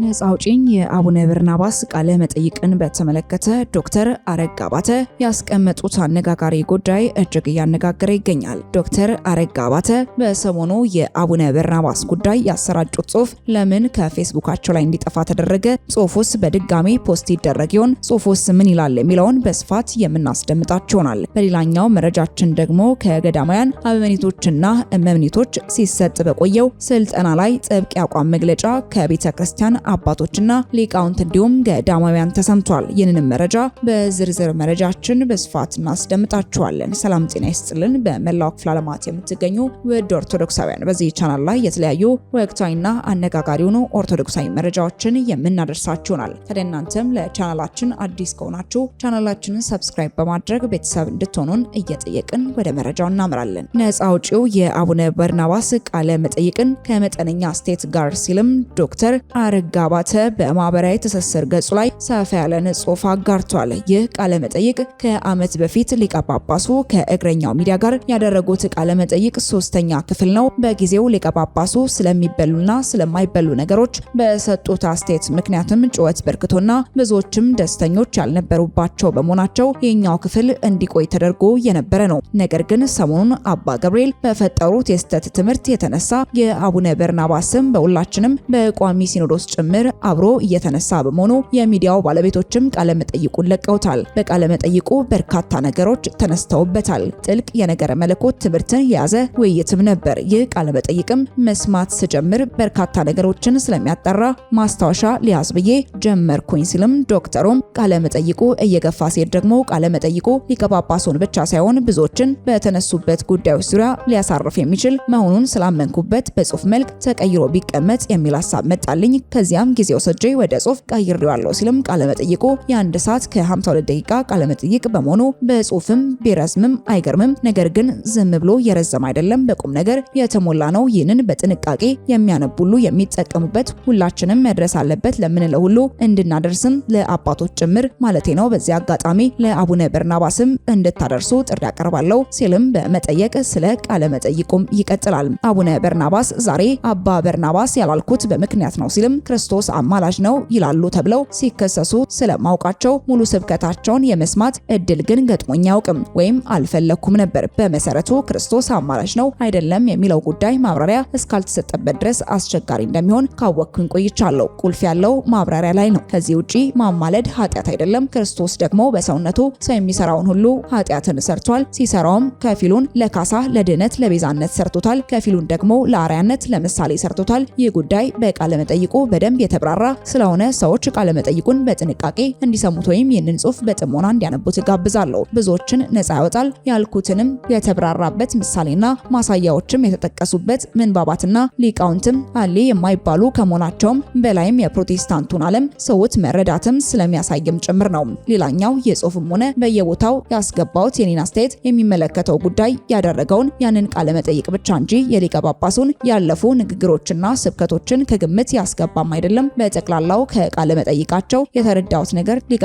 ነፃ አውጪኝ የአቡነ በርናባስ ቃለ መጠይቅን በተመለከተ ዶክተር አረጋ አባተ ያስቀመጡት አነጋጋሪ ጉዳይ እጅግ እያነጋገረ ይገኛል። ዶክተር አረጋ አባተ በሰሞኑ የአቡነ በርናባስ ጉዳይ ያሰራጩት ጽሁፍ ለምን ከፌስቡካቸው ላይ እንዲጠፋ ተደረገ? ጽሁፉስ በድጋሚ ፖስት ይደረግ ይሆን? ጽሁፉስ ምን ይላል? የሚለውን በስፋት የምናስደምጣችሁናል። በሌላኛው መረጃችን ደግሞ ከገዳማውያን አበምኔቶችና እመምኔቶች ሲሰጥ በቆየው ስልጠና ላይ ጥብቅ ያቋም መግለጫ ከቤተ ክርስቲያን ክርስቲያን አባቶችና ሊቃውንት እንዲሁም ገዳማውያን ተሰምቷል። ይህንንም መረጃ በዝርዝር መረጃችን በስፋት እናስደምጣችኋለን። ሰላም ጤና ይስጥልን። በመላው ክፍለ ዓለማት የምትገኙ ውድ ኦርቶዶክሳውያን በዚህ ቻናል ላይ የተለያዩ ወቅታዊና አነጋጋሪ ሆኖ ኦርቶዶክሳዊ መረጃዎችን የምናደርሳችሁናል። ታዲያ እናንተም ለቻናላችን አዲስ ከሆናችሁ ቻናላችንን ሰብስክራይብ በማድረግ ቤተሰብ እንድትሆኑን እየጠየቅን ወደ መረጃው እናምራለን። ነፃ አውጪው የአቡነ በርናባስ ቃለ መጠይቅን ከመጠነኛ ስቴት ጋር ሲልም ዶክተር አረጋ አባተ በማህበራዊ ትስስር ገጹ ላይ ሰፋ ያለን ጽሑፍ አጋርቷል። ይህ ቃለ መጠይቅ ከዓመት በፊት ሊቀ ጳጳሱ ከእግረኛው ሚዲያ ጋር ያደረጉት ቃለ መጠይቅ ሶስተኛ ክፍል ነው። በጊዜው ሊቀ ጳጳሱ ስለሚበሉና ስለማይበሉ ነገሮች በሰጡት አስተያየት ምክንያትም ጩኸት በርክቶና ብዙዎችም ደስተኞች ያልነበሩባቸው በመሆናቸው ይህኛው ክፍል እንዲቆይ ተደርጎ የነበረ ነው። ነገር ግን ሰሞኑን አባ ገብርኤል በፈጠሩት የስህተት ትምህርት የተነሳ የአቡነ በርናባስም ስም በሁላችንም በቋሚ ሲኖዶስ ፖስት ጭምር አብሮ እየተነሳ በመሆኑ የሚዲያው ባለቤቶችም ቃለ መጠይቁን ለቀውታል። በቃለ መጠይቁ በርካታ ነገሮች ተነስተውበታል። ጥልቅ የነገረ መለኮት ትምህርትን የያዘ ውይይትም ነበር። ይህ ቃለ መጠይቅም መስማት ስጀምር በርካታ ነገሮችን ስለሚያጠራ ማስታወሻ ሊያዝ ብዬ ጀመርኩኝ ሲልም ዶክተሩም ቃለ መጠይቁ እየገፋ ሴት ደግሞ ቃለ መጠይቁ ሊቀ ጳጳሱን ብቻ ሳይሆን ብዙዎችን በተነሱበት ጉዳዮች ዙሪያ ሊያሳርፍ የሚችል መሆኑን ስላመንኩበት በጽሁፍ መልክ ተቀይሮ ቢቀመጥ የሚል ሀሳብ መጣልኝ። ከዚያም ጊዜ ወስጄ ወደ ጽሁፍ ቀይሬዋለሁ ሲልም ቃለመጠይቁ የአንድ ሰዓት ከ52 ደቂቃ ቃለመጠይቅ በመሆኑ በጽሁፍም ቢረዝምም አይገርምም። ነገር ግን ዝም ብሎ የረዘም አይደለም፣ በቁም ነገር የተሞላ ነው። ይህንን በጥንቃቄ የሚያነቡሉ የሚጠቀሙበት ሁላችንም መድረስ አለበት ለምንለው ሁሉ እንድናደርስም ለአባቶች ጭምር ማለቴ ነው። በዚህ አጋጣሚ ለአቡነ በርናባስም እንድታደርሱ ጥሪ አቀርባለሁ ሲልም በመጠየቅ ስለ ቃለ መጠይቁም ይቀጥላል። አቡነ በርናባስ ዛሬ አባ በርናባስ ያላልኩት በምክንያት ነው ሲልም ክርስቶስ አማላጅ ነው ይላሉ ተብለው ሲከሰሱ ስለማውቃቸው ሙሉ ስብከታቸውን የመስማት እድል ግን ገጥሞኝ አያውቅም ወይም አልፈለኩም ነበር። በመሰረቱ ክርስቶስ አማላጅ ነው አይደለም የሚለው ጉዳይ ማብራሪያ እስካልተሰጠበት ድረስ አስቸጋሪ እንደሚሆን ካወቅኩኝ ቆይቻለሁ። ቁልፍ ያለው ማብራሪያ ላይ ነው። ከዚህ ውጪ ማማለድ ኃጢአት አይደለም። ክርስቶስ ደግሞ በሰውነቱ ሰው የሚሰራውን ሁሉ ኃጢአትን ሰርቷል። ሲሰራውም ከፊሉን ለካሳ ለድህነት ለቤዛነት ሰርቶታል፣ ከፊሉን ደግሞ ለአርያነት ለምሳሌ ሰርቶታል። ይህ ጉዳይ በቃለ መጠይቁ በደንብ የተብራራ ስለሆነ ሰዎች ቃለ መጠይቁን በጥንቃቄ እንዲሰሙት ወይም ይህንን ጽሁፍ በጥሞና እንዲያነቡት ጋብዛለሁ። ብዙዎችን ነጻ ያወጣል ያልኩትንም የተብራራበት ምሳሌና ማሳያዎችም የተጠቀሱበት ምንባባትና ሊቃውንትም አሌ የማይባሉ ከመሆናቸውም በላይም የፕሮቴስታንቱን ዓለም ሰዎች መረዳትም ስለሚያሳይም ጭምር ነው። ሌላኛው የጽሁፍም ሆነ በየቦታው ያስገባውት የኔን አስተያየት የሚመለከተው ጉዳይ ያደረገውን ያንን ቃለ መጠይቅ ብቻ እንጂ የሊቀ ጳጳሱን ያለፉ ንግግሮችና ስብከቶችን ከግምት ያስገባ አልገባም አይደለም። በጠቅላላው ከቃለ መጠይቃቸው የተረዳሁት ነገር ሊቀ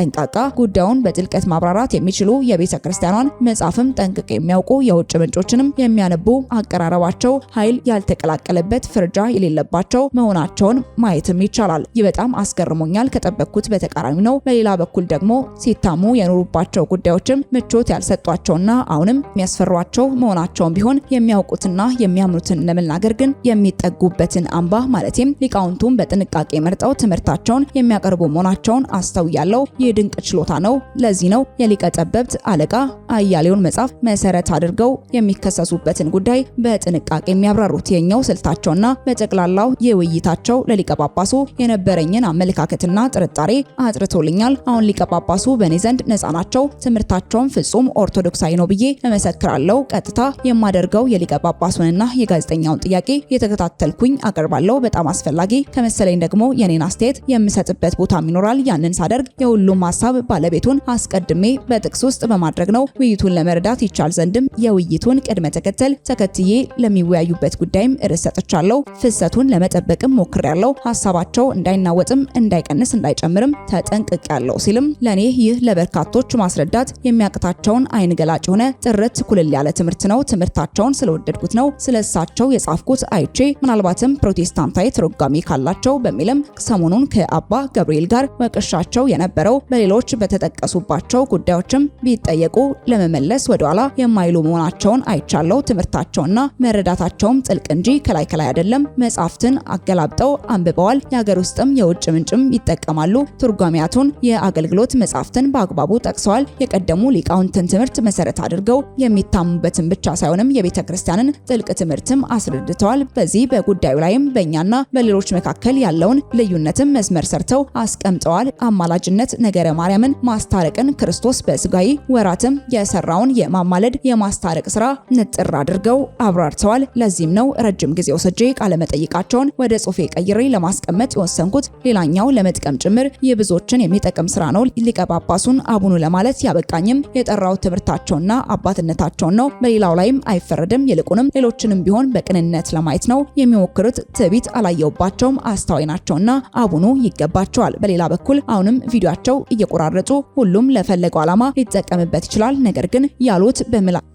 ጠንቃቃ፣ ጉዳዩን በጥልቀት ማብራራት የሚችሉ የቤተ ክርስቲያኗን መጽሐፍም ጠንቅቅ የሚያውቁ የውጭ ምንጮችንም የሚያነቡ አቀራረባቸው ኃይል ያልተቀላቀለበት ፍርጃ የሌለባቸው መሆናቸውን ማየትም ይቻላል። ይህ በጣም አስገርሞኛል። ከጠበቅኩት በተቃራኒ ነው። በሌላ በኩል ደግሞ ሲታሙ የኖሩባቸው ጉዳዮችም ምቾት ያልሰጧቸውና አሁንም የሚያስፈሯቸው መሆናቸውን ቢሆን የሚያውቁትና የሚያምኑትን ለመናገር ግን የሚጠጉበትን አምባ ማለትም ሊቃውንቱም በጥንቃቄ መርጠው ትምህርታቸውን የሚያቀርቡ መሆናቸውን አስተውያለሁ። ይህ ድንቅ ችሎታ ነው። ለዚህ ነው የሊቀ ጠበብት አለቃ አያሌውን መጽሐፍ መሰረት አድርገው የሚከሰሱበትን ጉዳይ በጥንቃቄ የሚያብራሩት። የኛው ስልታቸውና በጠቅላላው የውይይታቸው ለሊቀ ጳጳሱ የነበረኝን አመለካከትና ጥርጣሬ አጥርቶልኛል። አሁን ሊቀ ጳጳሱ በእኔ ዘንድ ነጻ ናቸው። ትምህርታቸውን ፍጹም ኦርቶዶክሳዊ ነው ብዬ እመሰክራለሁ። ቀጥታ የማደርገው የሊቀ ጳጳሱንና የጋዜጠኛውን ጥያቄ የተከታተልኩኝ አቀርባለሁ። በጣም አስፈላጊ አስፈላጊ ከመሰለኝ ደግሞ የኔን አስተያየት የምሰጥበት ቦታም ይኖራል። ያንን ሳደርግ የሁሉም ሀሳብ ባለቤቱን አስቀድሜ በጥቅስ ውስጥ በማድረግ ነው። ውይይቱን ለመረዳት ይቻል ዘንድም የውይይቱን ቅድመ ተከተል ተከትዬ ለሚወያዩበት ጉዳይም ርዕስ ሰጥቻለሁ። ፍሰቱን ለመጠበቅም ሞክሬያለሁ። ሀሳባቸው እንዳይናወጥም እንዳይቀንስ እንዳይጨምርም ተጠንቅቄያለሁ ሲልም ለኔ ይህ ለበርካቶች ማስረዳት የሚያቅታቸውን አይን ገላጭ የሆነ ጥርት ኩልል ያለ ትምህርት ነው። ትምህርታቸውን ስለወደድኩት ነው ስለሳቸው የጻፍኩት አይቼ ምናልባትም ፕሮቴስታንታዊ ትርጓሜ አጋጣሚ ካላቸው በሚልም ሰሞኑን ከአባ ገብርኤል ጋር መቀሻቸው የነበረው በሌሎች በተጠቀሱባቸው ጉዳዮችም ቢጠየቁ ለመመለስ ወደኋላ የማይሉ መሆናቸውን አይቻለው። ትምህርታቸውና መረዳታቸውም ጥልቅ እንጂ ከላይ ከላይ አይደለም። መጽሐፍትን አገላብጠው አንብበዋል። የሀገር ውስጥም የውጭ ምንጭም ይጠቀማሉ። ትርጓሚያቱን፣ የአገልግሎት መጽሐፍትን በአግባቡ ጠቅሰዋል። የቀደሙ ሊቃውንትን ትምህርት መሰረት አድርገው የሚታሙበትን ብቻ ሳይሆንም የቤተ ክርስቲያንን ጥልቅ ትምህርትም አስረድተዋል። በዚህ በጉዳዩ ላይም በእኛና በሌሎ በሀገሮች መካከል ያለውን ልዩነትም መስመር ሰርተው አስቀምጠዋል። አማላጅነት ነገረ ማርያምን ማስታረቅን ክርስቶስ በስጋዊ ወራትም የሰራውን የማማለድ የማስታረቅ ስራ ንጥር አድርገው አብራርተዋል። ለዚህም ነው ረጅም ጊዜ ወስጄ ቃለመጠይቃቸውን ወደ ጽሁፌ ቀይሬ ለማስቀመጥ የወሰንኩት። ሌላኛው ለመጥቀም ጭምር የብዙዎችን የሚጠቅም ስራ ነው። ሊቀ ጳጳሱን አቡኑ ለማለት ያበቃኝም የጠራው ትምህርታቸውና አባትነታቸውን ነው። በሌላው ላይም አይፈረድም። ይልቁንም ሌሎችንም ቢሆን በቅንነት ለማየት ነው የሚሞክሩት። ትዕቢት አላየውባቸው ተፈጥሯቸውም አስተዋይ ናቸውና አቡኑ ይገባቸዋል። በሌላ በኩል አሁንም ቪዲዮቸው እየቆራረጡ ሁሉም ለፈለገው ዓላማ ሊጠቀምበት ይችላል። ነገር ግን ያሉት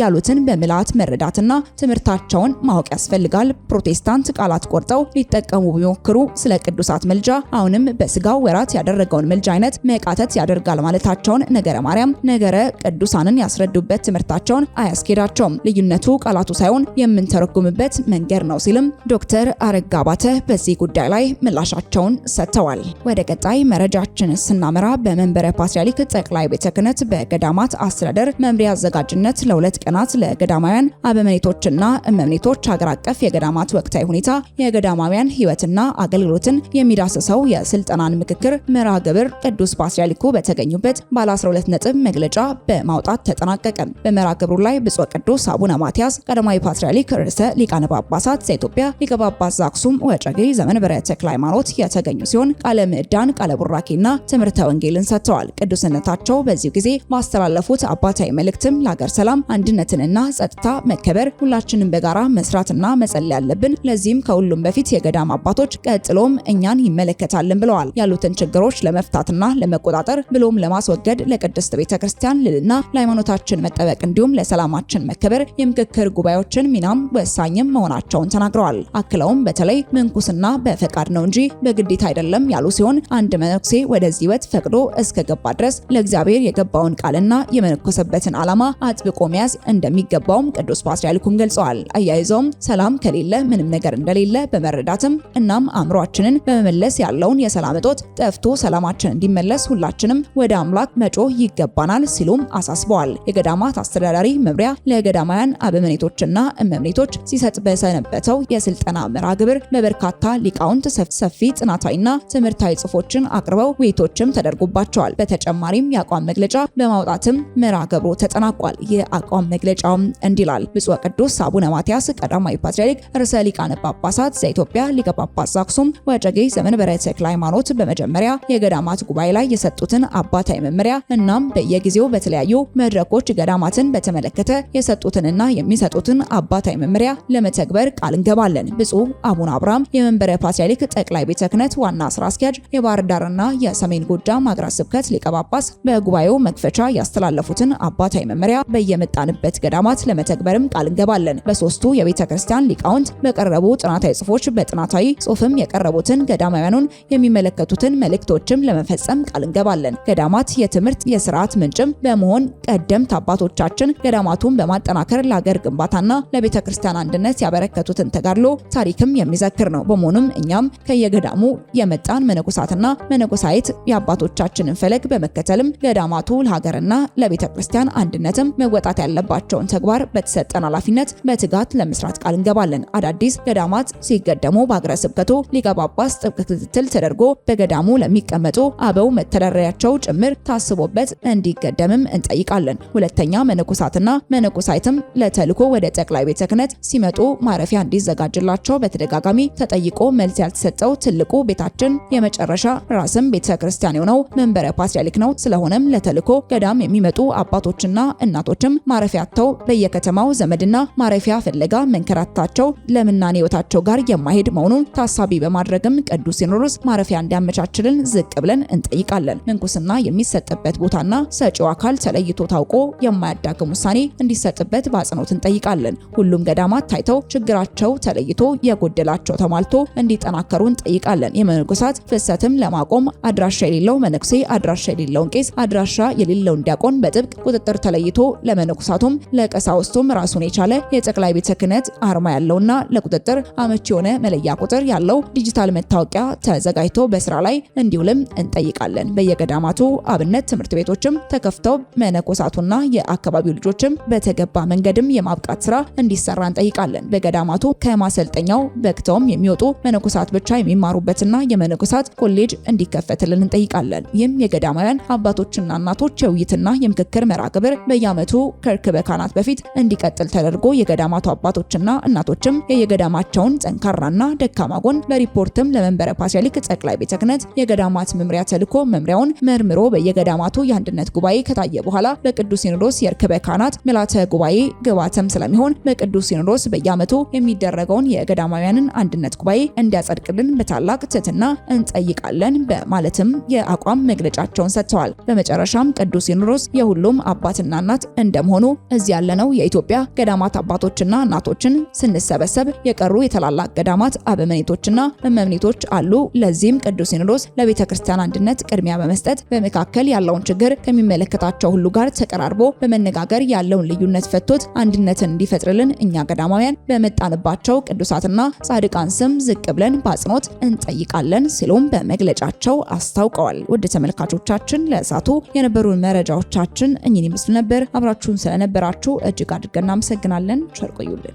ያሉትን በምልአት መረዳትና ትምህርታቸውን ማወቅ ያስፈልጋል። ፕሮቴስታንት ቃላት ቆርጠው ሊጠቀሙ ቢሞክሩ ስለ ቅዱሳት ምልጃ አሁንም በስጋው ወራት ያደረገውን ምልጃ አይነት መቃተት ያደርጋል ማለታቸውን ነገረ ማርያም ነገረ ቅዱሳንን ያስረዱበት ትምህርታቸውን አያስኬዳቸውም። ልዩነቱ ቃላቱ ሳይሆን የምንተረጉምበት መንገድ ነው ሲልም ዶክተር አረጋ አባተ በዚህ ጉዳይ ላይ ምላሻቸውን ሰጥተዋል። ወደ ቀጣይ መረጃችን ስናመራ በመንበረ ፓትርያርክ ጠቅላይ ቤተ ክህነት በገዳማት አስተዳደር መምሪያ አዘጋጅነት ለሁለት ቀናት ለገዳማውያን አበምኔቶችና እመምኔቶች ሀገር አቀፍ የገዳማት ወቅታዊ ሁኔታ፣ የገዳማውያን ሕይወትና አገልግሎትን የሚዳስሰው የስልጠናን ምክክር መርሃ ግብር ቅዱስ ፓትርያርኩ በተገኙበት ባለ 12 ነጥብ መግለጫ በማውጣት ተጠናቀቀ። በመርሃ ግብሩ ላይ ብፁዕ ቅዱስ አቡነ ማትያስ ቀዳማዊ ፓትርያርክ ርዕሰ ሊቃነ ጳጳሳት ዘኢትዮጵያ ሊቀ ጳጳስ ዘአክሱም ወጨጌ ዘመን በርዕያ ተክለ ሃይማኖት የተገኙ ሲሆን ቃለ ምዕዳን፣ ቃለ ቡራኬና ትምህርተ ወንጌልን ሰጥተዋል። ቅዱስነታቸው በዚሁ ጊዜ ማስተላለፉት አባታዊ መልእክትም ለሀገር ሰላም፣ አንድነትንና ጸጥታ መከበር ሁላችንም በጋራ መስራትና መጸለይ ያለብን፣ ለዚህም ከሁሉም በፊት የገዳም አባቶች ቀጥሎም እኛን ይመለከታልን ብለዋል። ያሉትን ችግሮች ለመፍታትና ለመቆጣጠር ብሎም ለማስወገድ ለቅድስት ቤተ ክርስቲያን ልልና ለሃይማኖታችን መጠበቅ እንዲሁም ለሰላማችን መከበር የምክክር ጉባኤዎችን ሚናም ወሳኝም መሆናቸውን ተናግረዋል። አክለውም በተለይ ምንኩስና በፈቃድ ነው እንጂ በግዴታ አይደለም ያሉ ሲሆን አንድ መነኩሴ ወደዚህ ህይወት ፈቅዶ እስከገባ ድረስ ለእግዚአብሔር የገባውን ቃልና የመነኮሰበትን ዓላማ አጥብቆ መያዝ እንደሚገባውም ቅዱስ ፓትርያርኩም ገልጸዋል። አያይዘውም ሰላም ከሌለ ምንም ነገር እንደሌለ በመረዳትም እናም አእምሯችንን በመመለስ ያለውን የሰላም እጦት ጠፍቶ ሰላማችን እንዲመለስ ሁላችንም ወደ አምላክ መጮህ ይገባናል ሲሉም አሳስበዋል። የገዳማት አስተዳዳሪ መምሪያ ለገዳማውያን አበምኔቶችና እመምኔቶች ሲሰጥ በሰነበተው የስልጠና መርሃ ግብር በበርካታ ሊቃውንት ሰፊ ጥናታዊና ትምህርታዊ ጽሑፎችን አቅርበው ውይይቶችም ተደርጎባቸዋል። በተጨማሪም የአቋም መግለጫ በማውጣትም ምራ ገብሮ ተጠናቋል። የአቋም መግለጫውም እንዲላል ብፁዕ ቅዱስ አቡነ ማትያስ ቀዳማዊ ፓትርያርክ ርዕሰ ሊቃነ ጳጳሳት ዘኢትዮጵያ ሊቀ ጳጳስ ዘአክሱም ወዕጨጌ ዘመንበረ ተክለ ሃይማኖት በመጀመሪያ የገዳማት ጉባኤ ላይ የሰጡትን አባታዊ መመሪያ እናም በየጊዜው በተለያዩ መድረኮች ገዳማትን በተመለከተ የሰጡትንና የሚሰጡትን አባታዊ መመሪያ ለመተግበር ቃል እንገባለን። ብፁዕ አቡነ አብርሃም የመንበረ ፓትርያርክ ጠቅላይ ቤተ ክህነት ዋና ስራ አስኪያጅ የባህር ዳርና የሰሜን ጎጃም ሀገረ ስብከት ሊቀ ጳጳስ በጉባኤው መክፈቻ ያስተላለፉትን አባታዊ መመሪያ በየመጣንበት ገዳማት ለመተግበርም ቃል እንገባለን። በሶስቱ የቤተ ክርስቲያን ሊቃውንት በቀረቡ ጥናታዊ ጽሁፎች በጥናታዊ ጽሁፍም የቀረቡትን ገዳማውያኑን የሚመለከቱትን መልእክቶችም ለመፈጸም ቃል እንገባለን። ገዳማት የትምህርት የስርዓት ምንጭም በመሆን ቀደምት አባቶቻችን ገዳማቱን በማጠናከር ለሀገር ግንባታና ለቤተ ክርስቲያን አንድነት ያበረከቱትን ተጋድሎ ታሪክም የሚዘክር ነው። በመሆኑ ሲሆን እኛም ከየገዳሙ የመጣን መነኮሳትና መነኮሳይት የአባቶቻችንን ፈለግ በመከተልም ገዳማቱ ለሀገርና ለቤተ ክርስቲያን አንድነትም መወጣት ያለባቸውን ተግባር በተሰጠን ኃላፊነት በትጋት ለመስራት ቃል እንገባለን። አዳዲስ ገዳማት ሲገደሙ በሀገረ ስብከቱ ሊቀ ጳጳስ ጥብቅ ክትትል ተደርጎ በገዳሙ ለሚቀመጡ አበው መተዳደሪያቸው ጭምር ታስቦበት እንዲገደምም እንጠይቃለን። ሁለተኛ መነኮሳትና መነኮሳይትም ለተልኮ ወደ ጠቅላይ ቤተ ክህነት ሲመጡ ማረፊያ እንዲዘጋጅላቸው በተደጋጋሚ ተጠይቆ መልስ ያልተሰጠው ትልቁ ቤታችን የመጨረሻ ራስም ቤተ ክርስቲያን የሆነው መንበረ ፓትርያርክ ነው። ስለሆነም ለተልዕኮ ገዳም የሚመጡ አባቶችና እናቶችም ማረፊያ አጥተው በየከተማው ዘመድና ማረፊያ ፍለጋ መንከራታቸው ለምናኔ ሕይወታቸው ጋር የማሄድ መሆኑን ታሳቢ በማድረግም ቅዱስ ሲኖዶስ ማረፊያ እንዲያመቻችልን ዝቅ ብለን እንጠይቃለን። ምንኩስና የሚሰጥበት ቦታና ሰጪው አካል ተለይቶ ታውቆ የማያዳግም ውሳኔ እንዲሰጥበት በአጽንኦት እንጠይቃለን። ሁሉም ገዳማት ታይተው ችግራቸው ተለይቶ የጎደላቸው ተሟልቶ እንዲጠናከሩ እንጠይቃለን። የመነኮሳት ፍልሰትም ለማቆም አድራሻ የሌለው መነኩሴ አድራሻ የሌለውን ቄስ አድራሻ የሌለውን ዲያቆን በጥብቅ ቁጥጥር ተለይቶ ለመነኮሳቱም ለቀሳውስቱም ራሱን የቻለ የጠቅላይ ቤተ ክህነት አርማ ያለውና ለቁጥጥር አመች የሆነ መለያ ቁጥር ያለው ዲጂታል መታወቂያ ተዘጋጅቶ በስራ ላይ እንዲውልም እንጠይቃለን። በየገዳማቱ አብነት ትምህርት ቤቶችም ተከፍተው መነኮሳቱና የአካባቢው ልጆችም በተገባ መንገድም የማብቃት ስራ እንዲሰራ እንጠይቃለን። በገዳማቱ ከማሰልጠኛው በክተውም የሚወጡ መነኮሳት ብቻ የሚማሩበትና የመነኮሳት ኮሌጅ እንዲከፈትልን እንጠይቃለን። ይህም የገዳማውያን አባቶችና እናቶች የውይይትና የምክክር መርሃ ግብር በየዓመቱ ከርክ በፊት እንዲቀጥል ተደርጎ የገዳማቱ አባቶችና እናቶችም የየገዳማቸውን ጠንካራና ደካማ ጎን በሪፖርትም ለመንበረ ፓትርያርክ ጠቅላይ ቤተ ክህነት የገዳማት መምሪያ ተልኮ መምሪያውን መርምሮ በየገዳማቱ የአንድነት ጉባኤ ከታየ በኋላ በቅዱስ ሲኖዶስ የርክበ ካህናት ምልዓተ ጉባኤ ግብዓትም ስለሚሆን በቅዱስ ሲኖዶስ በየዓመቱ የሚደረገውን የገዳማውያንን አንድነት ጉባኤ እንዲያጸድቅልን በታላቅ ትህትና እንጠይቃለን በማለትም የአቋም መግለጫቸውን ሰጥተዋል። በመጨረሻም ቅዱስ ሲኖዶስ የሁሉም አባትና እናት እንደመሆኑ እዚህ ያለነው የኢትዮጵያ ገዳማት አባቶችና እናቶችን ስንሰበሰብ የቀሩ የታላላቅ ገዳማት አበምኔቶችና እመምኔቶች አሉ። ለዚህም ቅዱስ ሲኖዶስ ለቤተ ክርስቲያን አንድነት ቅድሚያ በመስጠት በመካከል ያለውን ችግር ከሚመለከታቸው ሁሉ ጋር ተቀራርቦ በመነጋገር ያለውን ልዩነት ፈቶት አንድነትን እንዲፈጥርልን እኛ ገዳማውያን በመጣንባቸው ቅዱሳትና ጻድቃን ስም ዝቅ ዝቅ ብለን በአጽንኦት እንጠይቃለን ሲሉም በመግለጫቸው አስታውቀዋል። ውድ ተመልካቾቻችን ለእሳቱ የነበሩን መረጃዎቻችን እኚህን ይመስሉ ነበር። አብራችሁን ስለነበራችሁ እጅግ አድርገን እናመሰግናለን። ቸር ቆዩልን።